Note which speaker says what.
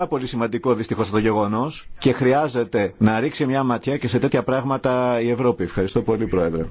Speaker 1: Είναι πολύ σημαντικό δυστυχώ το γεγονό και χρειάζεται να ρίξει μια ματιά και σε τέτοια πράγματα η Ευρώπη. Ευχαριστώ πολύ, Πρόεδρε.